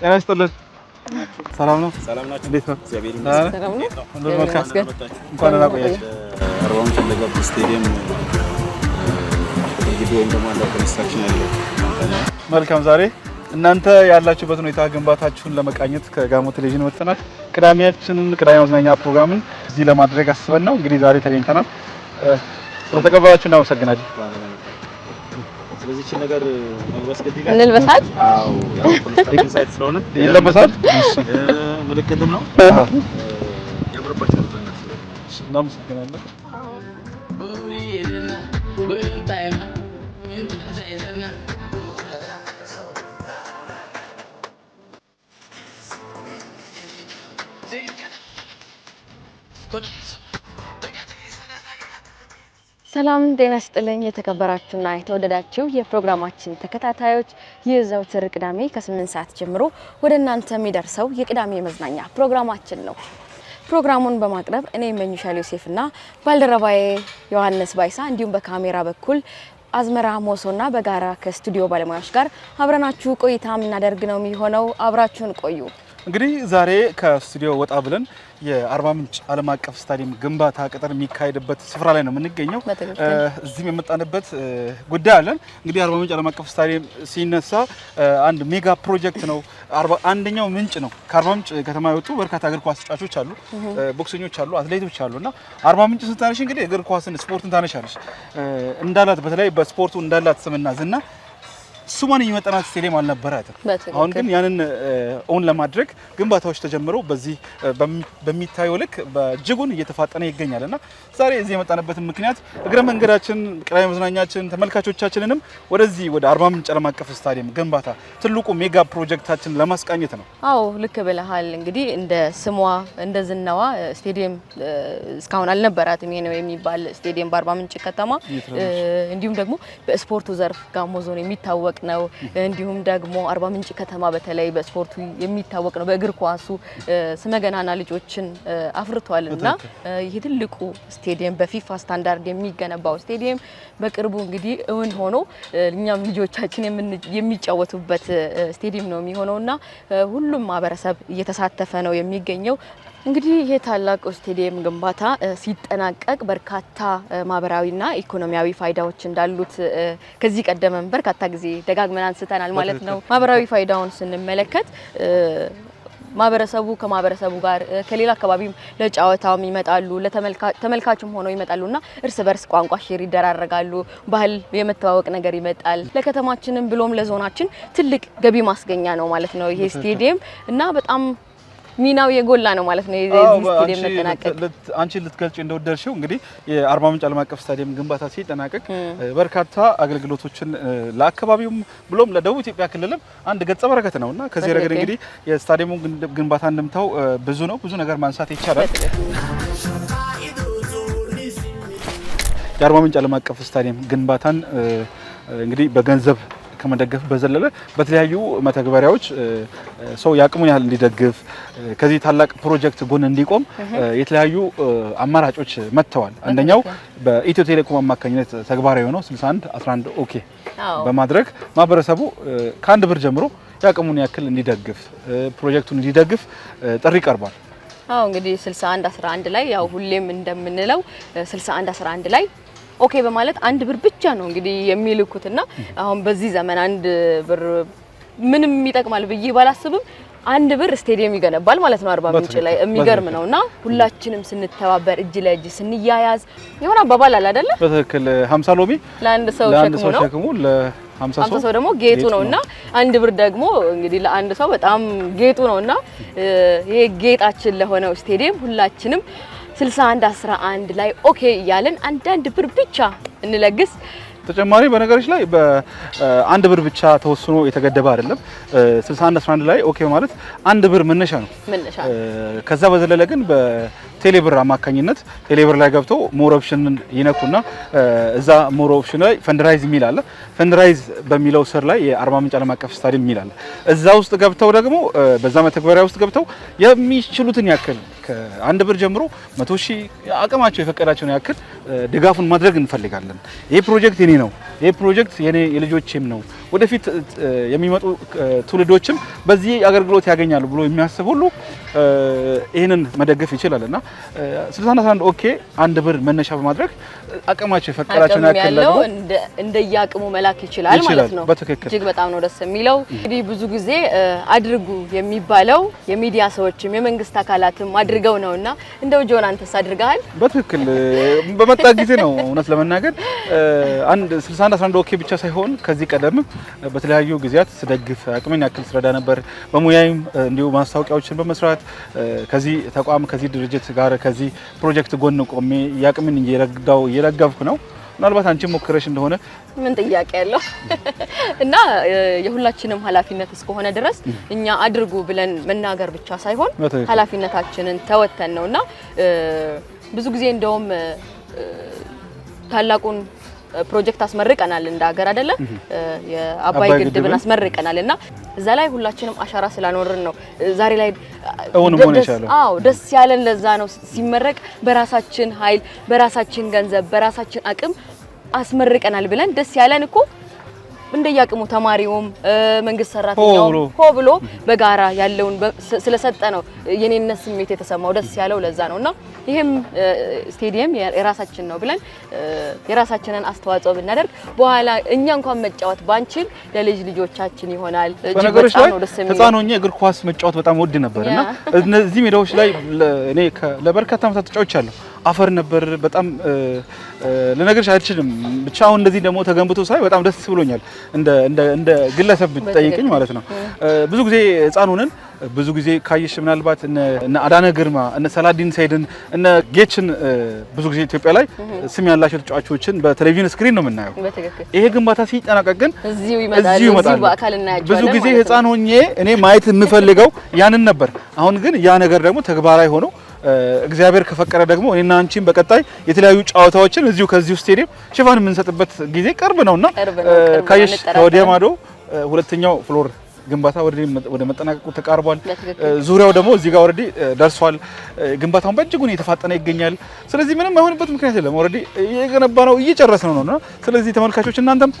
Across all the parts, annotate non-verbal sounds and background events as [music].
ጤና ይስጥልን። ሰላም ነው? ሰላም ናችሁ? እንዴት ነው? እግዚአብሔር ይመስገን። ሰላም ነው። እንኳን ደህና ቆያችሁ። አርባ ምንጭ ለገብ ስቴዲየም ግቢ ወይም ደግሞ ኮንስትራክሽን ያለው መልካም። ዛሬ እናንተ ያላችሁበት ሁኔታ ግንባታችሁን ለመቃኘት ከጋሞ ቴሌቪዥን መጥተናል። ቅዳሜያችንን ቅዳሜ መዝናኛ ፕሮግራምን እዚህ ለማድረግ አስበን ነው እንግዲህ ዛሬ ተገኝተናል። ስለተቀበላችሁ እናመሰግናለን። በዚህች ነገር መልበስ ግድ ይላል። እንልበሳት? አዎ ይለበሳል። ምልክትም ነው። ያምርባቸዋል። እናመሰግናለን። ሰላም ጤና ስጥልኝ። የተከበራችሁና የተወደዳችሁ የፕሮግራማችን ተከታታዮች ይህ ዘወትር ቅዳሜ ከስምንት ሰዓት ጀምሮ ወደ እናንተ የሚደርሰው የቅዳሜ መዝናኛ ፕሮግራማችን ነው። ፕሮግራሙን በማቅረብ እኔ መኝሻል ዮሴፍና ባልደረባዬ ዮሐንስ ባይሳ እንዲሁም በካሜራ በኩል አዝመራ ሞሶና በጋራ ከስቱዲዮ ባለሙያዎች ጋር አብረናችሁ ቆይታ የምናደርግ ነው የሚሆነው። አብራችሁን ቆዩ። እንግዲህ ዛሬ ከስቱዲዮ ወጣ ብለን የአርባ ምንጭ ዓለም አቀፍ ስታዲየም ግንባታ ቅጥር የሚካሄድበት ስፍራ ላይ ነው የምንገኘው። እዚህም የመጣንበት ጉዳይ አለን። እንግዲህ አርባ ምንጭ ዓለም አቀፍ ስታዲየም ሲነሳ አንድ ሜጋ ፕሮጀክት ነው። አንደኛው ምንጭ ነው። ከአርባ ምንጭ ከተማ የወጡ በርካታ እግር ኳስ ተጫዋቾች አሉ፣ ቦክሰኞች አሉ፣ አትሌቶች አሉ እና አርባ ምንጭ ስታነሽ እንግዲህ እግር ኳስን ስፖርትን ታነሻለች እንዳላት በተለይ በስፖርቱ እንዳላት ስምና ዝና ስሟን የሚመጠናት ስቴዲየም አልነበራትም። አሁን ግን ያንን ኦን ለማድረግ ግንባታዎች ተጀምረው በዚህ በሚታየው ልክ እጅጉን እየተፋጠነ ይገኛል እና ዛሬ እዚህ የመጣንበትን ምክንያት እግረ መንገዳችን ቅዳሜ መዝናኛችን ተመልካቾቻችንንም ወደዚህ ወደ አርባ ምንጭ ዓለም አቀፍ ስታዲየም ግንባታ ትልቁ ሜጋ ፕሮጀክታችን ለማስቃኘት ነው። አዎ ልክ ብለሃል። እንግዲህ እንደ ስሟ እንደ ዝናዋ ስቴዲየም እስካሁን አልነበራትም። ይሄ ነው የሚባል ስቴዲየም በአርባ ምንጭ ከተማ እንዲሁም ደግሞ በስፖርቱ ዘርፍ ጋሞ ዞን የሚታወቅ ነው። እንዲሁም ደግሞ አርባ ምንጭ ከተማ በተለይ በስፖርቱ የሚታወቅ ነው። በእግር ኳሱ ስመገናና ልጆችን አፍርቷል እና ይህ ትልቁ ስቴዲየም በፊፋ ስታንዳርድ የሚገነባው ስቴዲየም በቅርቡ እንግዲህ እውን ሆኖ እኛም ልጆቻችን የሚጫወቱበት ስቴዲየም ነው የሚሆነው እና ሁሉም ማህበረሰብ እየተሳተፈ ነው የሚገኘው። እንግዲህ ይሄ ታላቁ ስቴዲየም ግንባታ ሲጠናቀቅ በርካታ ማህበራዊና ኢኮኖሚያዊ ፋይዳዎች እንዳሉት ከዚህ ቀደምም በርካታ ጊዜ ደጋግመን አንስተናል ማለት ነው። ማህበራዊ ፋይዳውን ስንመለከት ማህበረሰቡ ከማህበረሰቡ ጋር ከሌላ አካባቢም ለጨዋታም ይመጣሉ፣ ተመልካችም ሆነው ይመጣሉ እና እርስ በርስ ቋንቋ ሼር ይደራረጋሉ። ባህል የመተዋወቅ ነገር ይመጣል። ለከተማችንም ብሎም ለዞናችን ትልቅ ገቢ ማስገኛ ነው ማለት ነው ይሄ ስቴዲየም እና በጣም ሚናው የጎላ ነው ማለት ነው። የዚህ ስቴዲየም መጠናቀቅ አንቺ ልትገልጪ እንደወደድሽው እንግዲህ የአርባ ምንጭ ዓለም አቀፍ ስታዲየም ግንባታ ሲጠናቀቅ በርካታ አገልግሎቶችን ለአካባቢውም ብሎም ለደቡብ ኢትዮጵያ ክልልም አንድ ገጸ በረከት ነው እና ከዚህ ረገድ እንግዲህ የስታዲየሙ ግንባታ እንድምታው ብዙ ነው። ብዙ ነገር ማንሳት ይቻላል። የአርባ ምንጭ ዓለም አቀፍ ስታዲየም ግንባታን እንግዲህ በገንዘብ ከመደገፍ በዘለለ በተለያዩ መተግበሪያዎች ሰው የአቅሙን ያህል እንዲደግፍ ከዚህ ታላቅ ፕሮጀክት ጎን እንዲቆም የተለያዩ አማራጮች መጥተዋል። አንደኛው በኢትዮ ቴሌኮም አማካኝነት ተግባራዊ የሆነው 61 11 ኦኬ በማድረግ ማህበረሰቡ ከአንድ ብር ጀምሮ የአቅሙን ያክል እንዲደግፍ ፕሮጀክቱን እንዲደግፍ ጥሪ ቀርቧል። አዎ እንግዲህ 61 11 ላይ ያው ሁሌም እንደምንለው 61 11 ላይ ኦኬ በማለት አንድ ብር ብቻ ነው እንግዲህ የሚልኩትና አሁን በዚህ ዘመን አንድ ብር ምንም ይጠቅማል ብዬ ባላስብም አንድ ብር ስቴዲየም ይገነባል ማለት ነው አርባ ምንጭ ላይ የሚገርም ነው። እና ሁላችንም ስንተባበር እጅ ለእጅ ስንያያዝ የሆነ አባባል አለ አይደለ? በትክክል 50 ሎሚ ለአንድ ሰው ሸክሙ ለሀምሳ ሰው ደግሞ ጌጡ ነው እና አንድ ብር ደግሞ እንግዲህ ለአንድ ሰው በጣም ጌጡ ነው እና ይሄ ጌጣችን ለሆነው ስቴዲየም ሁላችንም 61 11 ላይ ኦኬ እያልን አንዳንድ ብር ብቻ እንለግስ። ተጨማሪ በነገሮች ላይ በአንድ ብር ብቻ ተወስኖ የተገደበ አይደለም። 61 11 ላይ ኦኬ ማለት አንድ ብር መነሻ ነው። ከዛ በዘለለ ግን ቴሌብር አማካኝነት ቴሌብር ላይ ገብቶ ሞር ኦፕሽንን ይነኩና እዛ ሞር ኦፕሽን ላይ ፈንድራይዝ የሚል አለ። ፈንድራይዝ በሚለው ስር ላይ የአርባ ምንጭ ዓለም አቀፍ ስታዲየም የሚል አለ። እዛ ውስጥ ገብተው ደግሞ በዛ መተግበሪያ ውስጥ ገብተው የሚችሉትን ያክል ከአንድ ብር ጀምሮ መቶ ሺህ አቅማቸው የፈቀዳቸውን ያክል ድጋፉን ማድረግ እንፈልጋለን። ይህ ፕሮጀክት የኔ ነው። ይህ ፕሮጀክት የኔ የልጆቼም ነው ወደፊት የሚመጡ ትውልዶችም በዚህ አገልግሎት ያገኛሉ ብሎ የሚያስብ ሁሉ ይህንን መደገፍ ይችላል እና ስልሳና ኦኬ አንድ ብር መነሻ በማድረግ አቅማቸው የፈቀዳቸውን ያክል ደግሞ እንደየአቅሙ መላክ ይችላል ማለት ነው። በትክክል እጅግ በጣም ነው ደስ የሚለው። እንግዲህ ብዙ ጊዜ አድርጉ የሚባለው የሚዲያ ሰዎችም የመንግስት አካላትም አድርገው ነውና እንደው ጆን አንተስ አድርገሃል? በትክክል በመጣ ጊዜ ነው እውነት ለመናገር አንድ ስልሳና ኦኬ ብቻ ሳይሆን ከዚህ ቀደምም በተለያዩ ጊዜያት ስደግፍ አቅሜን ያክል ስረዳ ነበር። በሙያይም እንዲሁ ማስታወቂያዎችን በመስራት ከዚህ ተቋም ከዚህ ድርጅት ጋር ከዚህ ፕሮጀክት ጎን ቆሜ የአቅሜን እየረዳው እየረገፍኩ ነው። ምናልባት አንቺ ሞክረሽ እንደሆነ ምን ጥያቄ ያለው [laughs] እና የሁላችንም ኃላፊነት እስከሆነ ድረስ እኛ አድርጉ ብለን መናገር ብቻ ሳይሆን ኃላፊነታችንን ተወተን ነው እና ብዙ ጊዜ እንደውም ታላቁን ፕሮጀክት አስመርቀናል እንደ ሀገር አይደለ የአባይ ግድብን አስመርቀናል እና እዛ ላይ ሁላችንም አሻራ ስላኖርን ነው ዛሬ ላይ አዎ ደስ ያለን ለዛ ነው ሲመረቅ በራሳችን ኃይል በራሳችን ገንዘብ በራሳችን አቅም አስመርቀናል ብለን ደስ ያለን እኮ እንደያቅሙ ተማሪውም መንግስት ሰራተኛውም ሆ ብሎ በጋራ ያለውን ስለሰጠ ነው የኔነት ስሜት የተሰማው ደስ ያለው ለዛ ነው። እና ይህም ስቴዲየም የራሳችን ነው ብለን የራሳችንን አስተዋጽኦ ብናደርግ በኋላ እኛ እንኳን መጫወት ባንችል ለልጅ ልጆቻችን ይሆናል። በነገሮች ላይ ህፃን ሆኜ እግር ኳስ መጫወት በጣም ወድ ነበር እና እነዚህ ሜዳዎች ላይ እኔ ለበርካታ ዓመታት ተጫውቻለሁ። አፈር ነበር። በጣም ልነግርሽ አልችልም። ብቻ አሁን እንደዚህ ደግሞ ተገንብቶ ሳይ በጣም ደስ ብሎኛል። እንደ ግለሰብ ብትጠይቅኝ ማለት ነው። ብዙ ጊዜ ህፃን ሆነን ብዙ ጊዜ ካየሽ ምናልባት እነ አዳነ ግርማ እነ ሰላዲን ሰይድን እነ ጌችን ብዙ ጊዜ ኢትዮጵያ ላይ ስም ያላቸው ተጫዋቾችን በቴሌቪዥን ስክሪን ነው የምናየው። ይሄ ግንባታ ሲጠናቀቅ ግን እዚሁ ይመጣሉ። ብዙ ጊዜ ህፃን ሆኜ እኔ ማየት የምፈልገው ያንን ነበር። አሁን ግን ያ ነገር ደግሞ ተግባራዊ ሆኖ እግዚአብሔር ከፈቀደ ደግሞ እኔና አንቺም በቀጣይ የተለያዩ ጨዋታዎችን እዚሁ ከዚሁ ስቴዲየም ሽፋን የምንሰጥበት ጊዜ ቅርብ ነውና ካየሽ ከወዲያ ማዶ ሁለተኛው ፍሎር ግንባታ ወደ መጠናቀቁ ተቃርቧል። ዙሪያው ደግሞ እዚህ ጋር ኦልሬዲ ደርሷል። ግንባታውን በእጅጉን እየተፋጠነ ይገኛል። ስለዚህ ምንም አይሆንበት ምክንያት የለም። ኦልሬዲ እየገነባ ነው፣ እየጨረስ ነው ነውና ስለዚህ ተመልካቾች እናንተም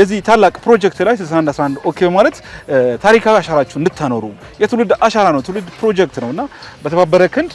የዚህ ታላቅ ፕሮጀክት ላይ 6111 ኦኬ ማለት ታሪካዊ አሻራችሁ እንድታኖሩ የትውልድ አሻራ ነው፣ ትውልድ ፕሮጀክት ነውና በተባበረ ክንድ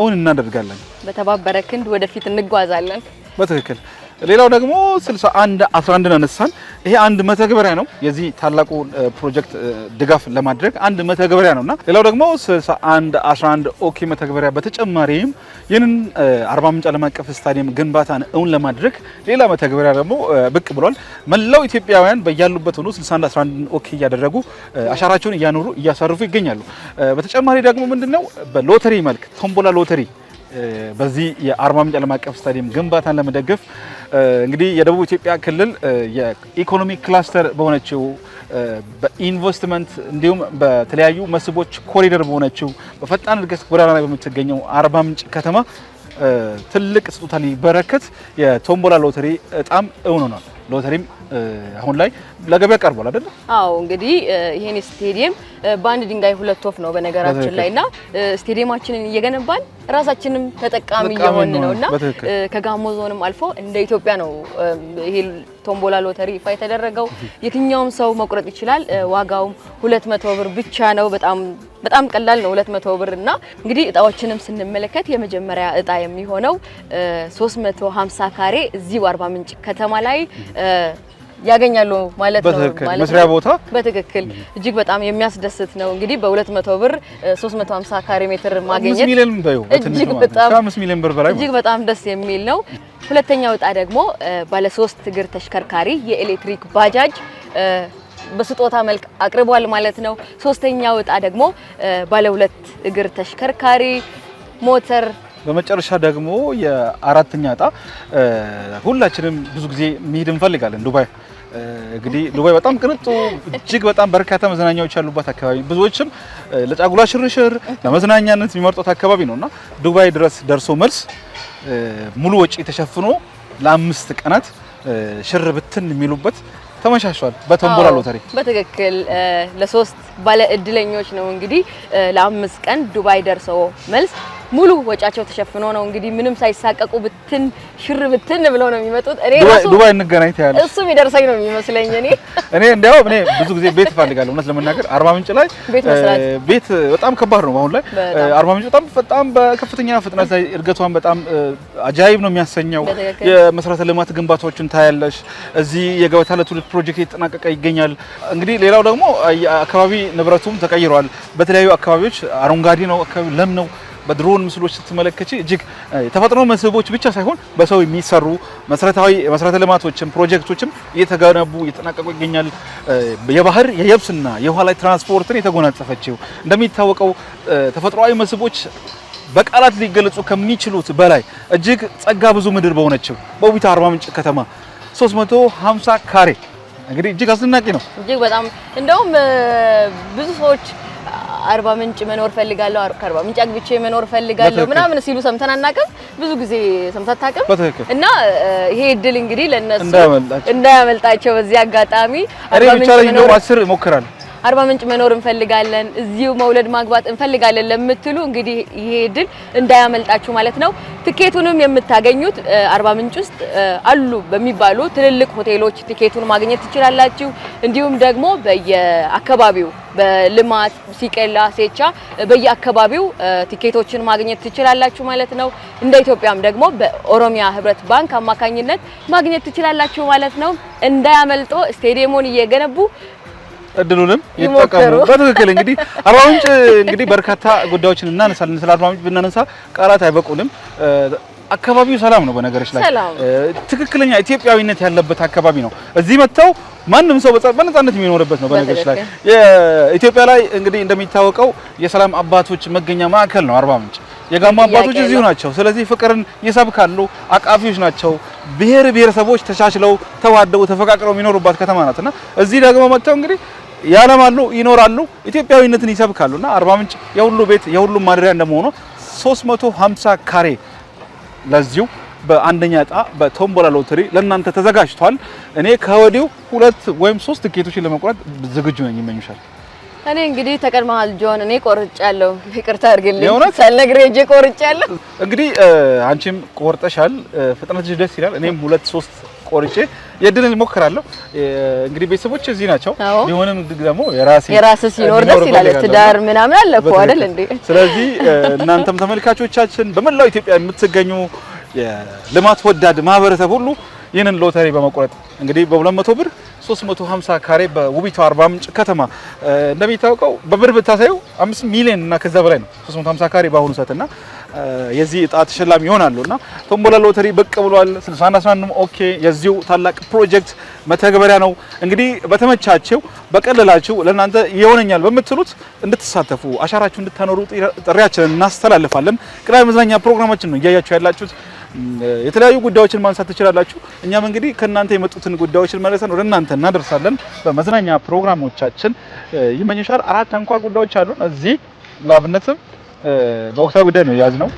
እውን እናደርጋለን። በተባበረ ክንድ ወደፊት እንጓዛለን። በትክክል ሌላው ደግሞ 61 11 አነሳን። ይሄ አንድ መተግበሪያ ነው፣ የዚህ ታላቁ ፕሮጀክት ድጋፍ ለማድረግ አንድ መተግበሪያ ነውና፣ ሌላው ደግሞ 61 11 ኦኬ መተግበሪያ በተጨማሪም ይህንን አርባ ምንጭ ዓለም አቀፍ ስታዲየም ግንባታን እውን ለማድረግ ሌላ መተግበሪያ ደግሞ ብቅ ብሏል። መላው ኢትዮጵያውያን በያሉበት ሆኖ 61 11 ኦኬ እያደረጉ አሻራቸውን እያኖሩ እያሳርፉ ይገኛሉ። በተጨማሪ ደግሞ ምንድነው በሎተሪ መልክ ቶምቦላ ሎተሪ በዚህ የአርባ ምንጭ ዓለም አቀፍ ስታዲየም ግንባታን ለመደገፍ እንግዲህ የደቡብ ኢትዮጵያ ክልል የኢኮኖሚ ክላስተር በሆነችው በኢንቨስትመንት እንዲሁም በተለያዩ መስህቦች ኮሪደር በሆነችው በፈጣን እድገት ጎዳና ላይ በምትገኘው አርባ ምንጭ ከተማ ትልቅ ስጦታ ሊበረከት የቶምቦላ ሎተሪ እጣም እውን ሆኗል። ሎተሪም አሁን ላይ ለገበያ ቀርቧል አይደል? አዎ እንግዲህ ይሄን ስቴዲየም በአንድ ድንጋይ ሁለት ወፍ ነው በነገራችን ላይ እና ስቴዲየማችንን እየገነባን ራሳችንም ተጠቃሚ እየሆን ነው እና ከጋሞ ዞንም አልፎ እንደ ኢትዮጵያ ነው ይሄ ቶምቦላ ሎተሪ ይፋ የተደረገው። የትኛውም ሰው መቁረጥ ይችላል። ዋጋውም 200 ብር ብቻ ነው። በጣም በጣም ቀላል ነው 200 ብር እና እንግዲህ እጣዎችንም ስንመለከት የመጀመሪያ እጣ የሚሆነው 350 ካሬ እዚሁ አርባ ምንጭ ከተማ ላይ ያገኛሉ ማለት ነው። መስሪያ ቦታ በትክክል እጅግ በጣም የሚያስደስት ነው። እንግዲህ በ200 ብር 350 ካሬ ሜትር ማግኘት እጅግ በጣም ደስ የሚል ነው። ሁለተኛው እጣ ደግሞ ባለ ሶስት እግር ተሽከርካሪ የኤሌክትሪክ ባጃጅ በስጦታ መልክ አቅርቧል ማለት ነው። ሶስተኛው እጣ ደግሞ ባለ ሁለት እግር ተሽከርካሪ ሞተር በመጨረሻ ደግሞ የአራተኛ እጣ ሁላችንም ብዙ ጊዜ መሄድ እንፈልጋለን ዱባይ እንግዲህ ዱባይ በጣም ቅንጡ እጅግ በጣም በርካታ መዝናኛዎች ያሉባት አካባቢ ብዙዎችም ለጫጉላ ሽርሽር ለመዝናኛነት የሚመርጡት አካባቢ ነው እና ዱባይ ድረስ ደርሶ መልስ ሙሉ ወጪ ተሸፍኖ ለአምስት ቀናት ሽር ብትን የሚሉበት ተመሻሽቷል። በተንቦላ ሎተሪ በትክክል ለሶስት ባለ እድለኞች ነው እንግዲህ ለአምስት ቀን ዱባይ ደርሶ መልስ ሙሉ ወጫቸው ተሸፍኖ ነው እንግዲህ ምንም ሳይሳቀቁ ብትን ሽር ብትን ብለው ነው የሚመጡት። እኔ ዱባይ እንገናኝ ታያለህ። እሱ ይደርሰኝ ነው የሚመስለኝ። እኔ [laughs] እኔ እንዲያው እኔ ብዙ ጊዜ ቤት እፈልጋለሁ። እውነት ለመናገር አርባ ምንጭ ላይ ቤት በጣም ከባድ ነው። አሁን ላይ አርባ ምንጭ በጣም በጣም በከፍተኛ ፍጥነት ላይ እድገቷን በጣም አጃይብ ነው የሚያሰኘው። የመሰረተ ልማት ግንባታዎችን ታያለሽ። እዚህ የገበታ ለትውልድ ፕሮጀክት የተጠናቀቀ ይገኛል። እንግዲህ ሌላው ደግሞ አካባቢ ንብረቱም ተቀይሯል። በተለያዩ አካባቢዎች አረንጓዴ ነው፣ አካባቢ ለም ነው። በድሮን ምስሎች ስትመለከች እጅግ የተፈጥሮ መስህቦች ብቻ ሳይሆን በሰው የሚሰሩ መሰረታዊ መሰረተ ልማቶችም ፕሮጀክቶችም እየተገነቡ እየተጠናቀቁ ይገኛል። የባህር የየብስና የውሃ ላይ ትራንስፖርትን የተጎናጸፈችው እንደሚታወቀው ተፈጥሯዊ መስህቦች በቃላት ሊገለጹ ከሚችሉት በላይ እጅግ ጸጋ ብዙ ምድር በሆነችው በውቢቷ አርባ ምንጭ ከተማ 350 ካሬ እንግዲህ እጅግ አስደናቂ ነው። እጅግ በጣም እንደውም ብዙ ሰዎች አርባ ምንጭ መኖር ፈልጋለሁ፣ ከአርባ ምንጭ አግብቼ መኖር ፈልጋለሁ ምናምን ሲሉ ሰምተን አናውቅም። ብዙ ጊዜ ሰምተን አታውቅም። እና ይሄ እድል እንግዲህ ለነሱ እንዳያመልጣቸው በዚህ አጋጣሚ አርባ ምንጭ መኖር አስር እሞክራለሁ አርባ ምንጭ መኖር እንፈልጋለን፣ እዚሁ መውለድ ማግባት እንፈልጋለን ለምትሉ እንግዲህ ይሄ እድል እንዳያመልጣችሁ ማለት ነው። ትኬቱንም የምታገኙት አርባ ምንጭ ውስጥ አሉ በሚባሉ ትልልቅ ሆቴሎች ትኬቱን ማግኘት ትችላላችሁ። እንዲሁም ደግሞ በየአካባቢው በልማት ሲቀላ፣ ሴቻ በየአካባቢው ቲኬቶችን ማግኘት ትችላላችሁ ማለት ነው። እንደ ኢትዮጵያም ደግሞ በኦሮሚያ ህብረት ባንክ አማካኝነት ማግኘት ትችላላችሁ ማለት ነው። እንዳያመልጦ ስቴዲየሙን እየገነቡ እድሉንም ይጠቀሙ። በትክክል እንግዲህ አርባ ምንጭ እንግዲህ በርካታ ጉዳዮችን እናነሳለን። ስለ አርባ ምንጭ ብናነሳ ቃላት አይበቁንም። አካባቢው ሰላም ነው። በነገሮች ላይ ትክክለኛ ኢትዮጵያዊነት ያለበት አካባቢ ነው። እዚህ መጥተው ማንም ሰው በነጻነት የሚኖርበት ነው። በነገሮች ላይ የኢትዮጵያ ላይ እንግዲህ እንደሚታወቀው የሰላም አባቶች መገኛ ማዕከል ነው አርባ ምንጭ። የጋሞ አባቶች እዚሁ ናቸው። ስለዚህ ፍቅርን ይሰብካሉ። አቃፊዎች ናቸው። ብሔር ብሔረሰቦች ተቻችለው ተዋደው ተፈቃቅረው የሚኖሩባት ከተማ ናት እና እዚህ ደግሞ መጥተው እንግዲህ ያለማሉ ይኖራሉ፣ ኢትዮጵያዊነትን ይሰብካሉ። እና አርባ ምንጭ የሁሉ ቤት የሁሉም ማደሪያ እንደመሆኑ 350 ካሬ ለዚሁ በአንደኛ እጣ በቶምቦላ ሎተሪ ለእናንተ ተዘጋጅቷል። እኔ ከወዲሁ ሁለት ወይም ሶስት ትኬቶችን ለመቁረጥ ዝግጁ ነኝ። ይመኙሻል። እኔ እንግዲህ ተቀድመሃል ጆን። እኔ ቆርጫለሁ፣ ይቅርታ አድርግልኝ። ሳልነግርህ ሂጅ ቆርጫለሁ። እንግዲህ አንቺም ቆርጠሻል። ፍጥነትሽ ደስ ይላል። እኔም ሁለት ሶስት ቆርጬ የድልን ሞክራለሁ። እንግዲህ ቤተሰቦች እዚህ ናቸው። ቢሆንም ደግሞ የራሴ የራስ ሲኖር ደስ ይላል። ትዳር ምናምን አለ እኮ አይደል እንዴ? ስለዚህ እናንተም ተመልካቾቻችን በመላው ኢትዮጵያ የምትገኙ የልማት ወዳድ ማህበረሰብ ሁሉ ይህንን ሎተሪ በመቁረጥ እንግዲህ በ200 ብር 350 ካሬ በውቢቱ አርባ ምንጭ ከተማ እንደሚታወቀው በብር ብታሳዩ 5 ሚሊዮን እና ከዛ በላይ ነው 350 ካሬ በአሁኑ ሰዓት እና የዚህ እጣ ተሸላሚ ይሆናሉ እና ቶምቦላ ሎተሪ ብቅ ብሏል። 6111 ኦኬ የዚሁ ታላቅ ፕሮጀክት መተግበሪያ ነው። እንግዲህ በተመቻቸው በቀለላችሁ ለእናንተ ይሆነኛል በምትሉት እንድትሳተፉ አሻራችሁ እንድታኖሩ ጥሪያችንን እናስተላልፋለን። ቅዳሜ መዝናኛ ፕሮግራማችን ነው እያያችሁ ያላችሁት። የተለያዩ ጉዳዮችን ማንሳት ትችላላችሁ። እኛም እንግዲህ ከእናንተ የመጡትን ጉዳዮችን መለሰን ወደ እናንተ እናደርሳለን። በመዝናኛ ፕሮግራሞቻችን ይመኝሻል አራት አንኳር ጉዳዮች አሉን እዚህ ለአብነትም በወቅታዊ ጉዳይ ነው የያዝነው